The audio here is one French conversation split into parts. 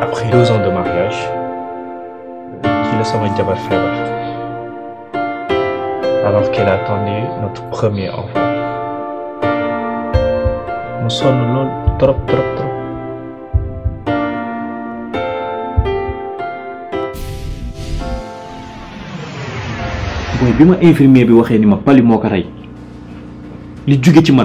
Après deux ans de mariage, qui a mon jabar alors qu'elle attendait notre premier enfant. nous sommes trop trop trop. Oui, bi ma infirmier bi je ni ma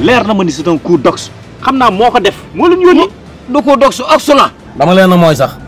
leer na ma ni c'est un coup d'ox xam naa moo ko def moo leen yónni. da koo dox su dama leen na mooy sax.